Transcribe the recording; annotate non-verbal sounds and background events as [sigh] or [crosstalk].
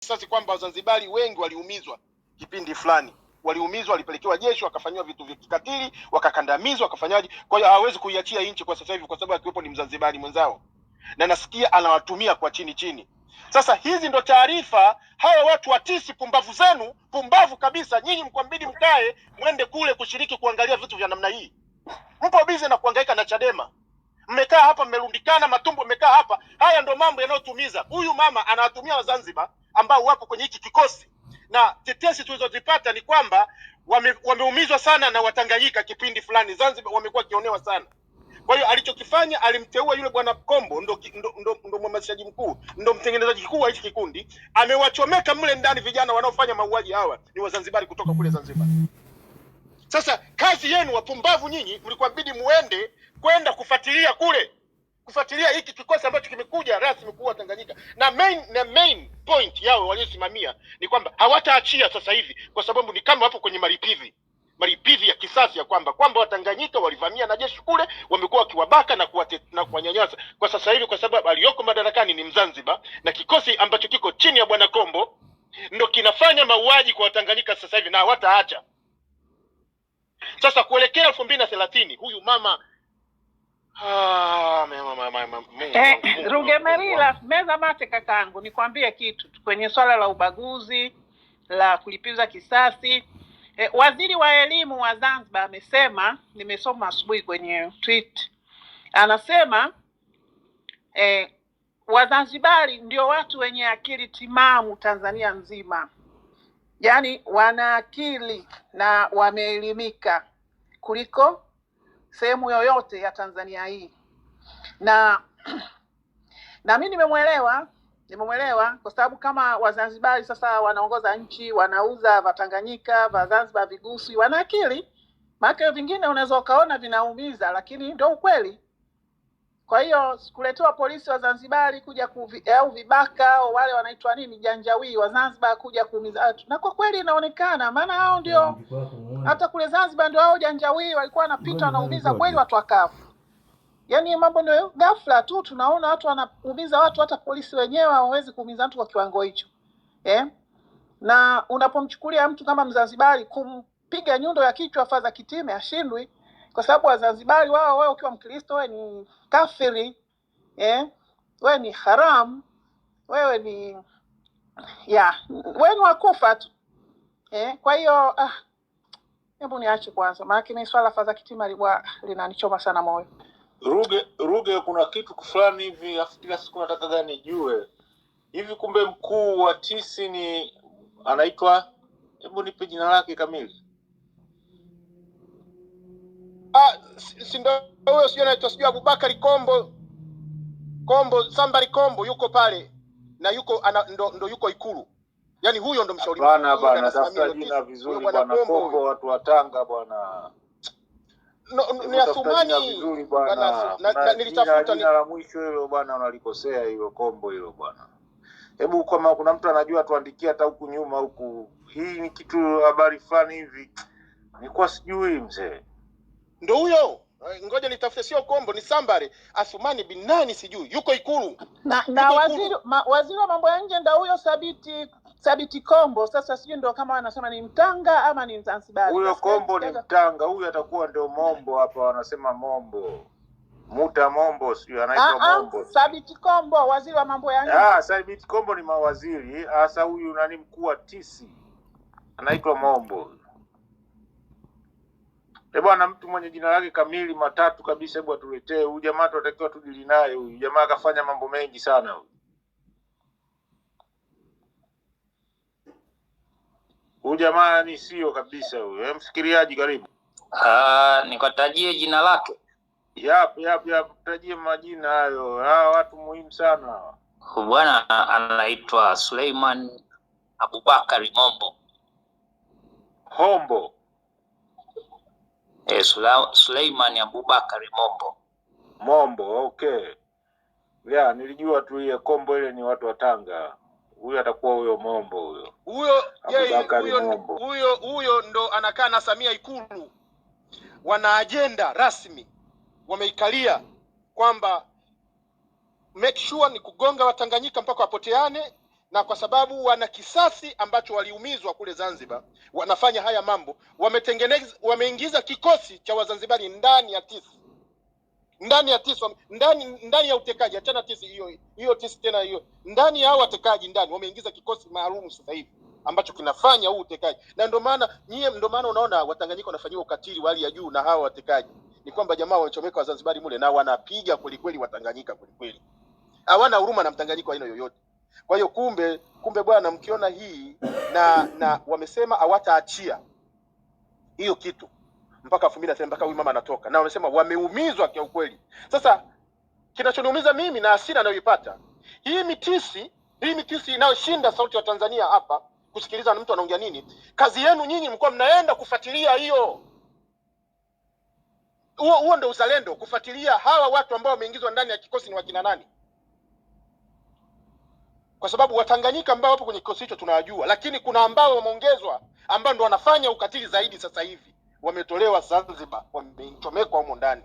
kisasi kwamba Wazanzibari wengi waliumizwa kipindi fulani, waliumizwa, walipelekewa jeshi, wakafanyiwa vitu vya kikatili, wakakandamizwa, wakafanyaje. Kwa hiyo hawezi kuiachia nchi kwa sasa hivi, kwa sababu akiwepo ni Mzanzibari mwenzao, na nasikia anawatumia kwa chini chini. Sasa hizi ndo taarifa. Hawa watu watisi, pumbavu zenu, pumbavu kabisa nyinyi, mkwambidi mkae mwende kule kushiriki kuangalia vitu vya namna hii. Mpo bize na kuangaika na Chadema, mmekaa hapa mmerundikana, matumbo mmekaa hapa. Haya ndo mambo yanayotumiza. Huyu mama anawatumia Wazanzibar ambao wapo kwenye hiki kikosi, na tetesi tulizozipata ni kwamba wame, wameumizwa sana na Watanganyika kipindi fulani Zanzibar, wamekuwa wakionewa sana. Kwa hiyo alichokifanya alimteua yule bwana Kombo, ndo, ndo, ndo, ndo mhamasishaji mkuu, ndo mtengenezaji mkuu wa hichi kikundi. Amewachomeka mle ndani vijana wanaofanya mauaji, hawa ni Wazanzibari kutoka kule Zanzibar. Sasa kazi yenu wapumbavu nyinyi, mlikwabidi muende kwenda kufuatilia kule, kufuatilia hiki kikosi ambacho kimekuja rasmi kuua Tanganyika na main, na main point yao waliosimamia ni kwamba hawataachia sasa hivi, kwa sababu ni kama wapo kwenye malipizi malipizi ya kisasi ya kwamba kwamba Watanganyika walivamia na jeshi kule, wamekuwa wakiwabaka na kuwate, na kuwanyanyasa kwa sasa hivi, kwa sababu aliyoko madarakani ni Mzanzibar na kikosi ambacho kiko chini ya bwana Kombo ndo kinafanya mauaji kwa Watanganyika sasa hivi na hawataacha. Sasa kuelekea elfu mbili na thelathini huyu mama Rugemeri, mema, meza mate kakaangu nikwambie kitu kwenye swala la ubaguzi la kulipiza kisasi. E, waziri wa elimu wa Zanzibar amesema, nimesoma asubuhi kwenye tweet, anasema e, Wazanzibari ndio watu wenye akili timamu Tanzania nzima, yaani wana akili na wameelimika kuliko sehemu yoyote ya Tanzania hii, na [clears throat] na mimi nimemwelewa nimemwelewa kwa sababu kama Wazanzibari sasa wanaongoza nchi, wanauza Vatanganyika Zanzibar vigusi, wana akili Maana vingine unaweza ukaona vinaumiza, lakini ndio ukweli. Kwa hiyo kuletewa polisi wa Zanzibari kuja kuvi, au vibaka au wale wanaitwa nini janjawii wa Zanzibar kuja kuumiza watu, na kwa kweli inaonekana, maana hao ndio yaani hata kule Zanzibar ndio hao janjawii walikuwa wanapita wanaumiza kweli watu wakafu. Yaani mambo ndio ghafla tu tunaona watu wanaumiza watu, hata polisi wenyewe hawawezi kuumiza mtu kwa kiwango hicho eh? Na unapomchukulia mtu kama Mzanzibari kumpiga nyundo ya kichwa fadha kitime ashindwi kwa sababu Wazanzibari wao, wao, ukiwa Mkristo wewe ni kafiri eh? wewe ni haram wewe ni ya wewe ni wakufa tu eh? kwa hiyo ah, hebu niache kwanza, maana ni swala fadha kitima libwa linanichoma sana moyo. Ruge Ruge, kuna kitu fulani hivi afu kila siku nataka gani jue hivi, kumbe mkuu wa tisi ni anaitwa, hebu nipe jina lake kamili ah, si ndio huyo, sijui anaitwa sijui Abubakari Kombo Kombo sambari Kombo yuko pale na yuko ana, ndo, ndo yuko Ikulu. Yaani huyo ndo mshauri bwana bwana, tafuta jina vizuri bwana Kombo, watu wa Tanga bwana No, ni Athumani nilitafuta jina la mwisho hilo bwana, unalikosea hilo Kombo hilo bwana. Hebu kama kuna mtu anajua tuandikie hata huku nyuma huku. Hii ni kitu habari fulani hivi nilikuwa sijui mzee ndo huyo eh, ngoja nitafute, sio Kombo, ni Sambare Asumani bin nani sijui, yuko Ikulu na, na waziri ma, waziri wa mambo ya nje ndo huyo Sabiti Sabiti Kombo. Sasa sijui ndo kama wanasema ni Mtanga ama ni Mzanzibari. Huyo Kombo ni Mtanga, huyu atakuwa ndo Mombo hapa, wanasema Mombo Muta Mombo, sijui anaitwa ah, ah, Mombo. Sabiti Kombo, waziri wa mambo ya nje. Ah, Sabiti Kombo ni mawaziri. hasa huyu nani, mkuu wa tisi anaitwa Mombo. E bwana, mtu mwenye jina lake kamili matatu kabisa, hebu atuletee huyu jamaa, tunatakiwa tudili naye huyu jamaa. Akafanya mambo mengi sana huyu huyu jamaa, ni sio kabisa huyu. Mfikiriaji, karibu. Uh, ah, nikatajie jina lake? Yap, yap, yap, tajie majina hayo, hawa watu muhimu sana. Bwana anaitwa Suleiman Abubakari Mombo Hombo E, Suleiman Abubakari Mombo. Mombo, okay. Ya, nilijua tu ile kombo ile ni watu wa Tanga. Huyo atakuwa huyo Mombo huyo. Huyo yeye huyo huyo ndo anakaa na Samia Ikulu. Wana ajenda rasmi wameikalia kwamba make sure ni kugonga Watanganyika mpaka wapoteane na kwa sababu wana kisasi ambacho waliumizwa kule Zanzibar, wanafanya haya mambo. Wametengeneza, wameingiza kikosi cha Wazanzibari ndani ya tisi ndani ya tisi ndani ndani ya utekaji, achana tisi hiyo hiyo tisi tena hiyo, ndani ya hao watekaji ndani wameingiza kikosi maalum sasa hivi ambacho kinafanya huu utekaji, na ndio maana nyie, ndio maana unaona Watanganyika wanafanyiwa ukatili wa hali ya juu na hawa watekaji, ni kwamba jamaa wamechomeka Wazanzibari mule na wanapiga kwelikweli Watanganyika kwelikweli, hawana huruma na mtanganyiko aina yoyote. Kwa hiyo kumbe kumbe bwana, mkiona hii na na wamesema hawataachia hiyo kitu mpaka elfu mbili na mpaka huyu mama anatoka, na wamesema wameumizwa kwa ukweli. Sasa kinachoniumiza mimi na hasira anayoipata hii mitisi hii mitisi inayoshinda sauti ya Tanzania hapa kusikiliza mtu anaongea nini. Kazi yenu nyinyi mlikuwa mnaenda kufuatilia hiyo, huo huo ndio uzalendo, kufuatilia hawa watu ambao wameingizwa ndani ya kikosi ni wakina nani kwa sababu Watanganyika ambao wapo kwenye kikosi hicho tunawajua, lakini kuna ambao wameongezwa, ambao ndo wanafanya ukatili zaidi sasa hivi, wametolewa Zanzibar, wamechomekwa humo ndani.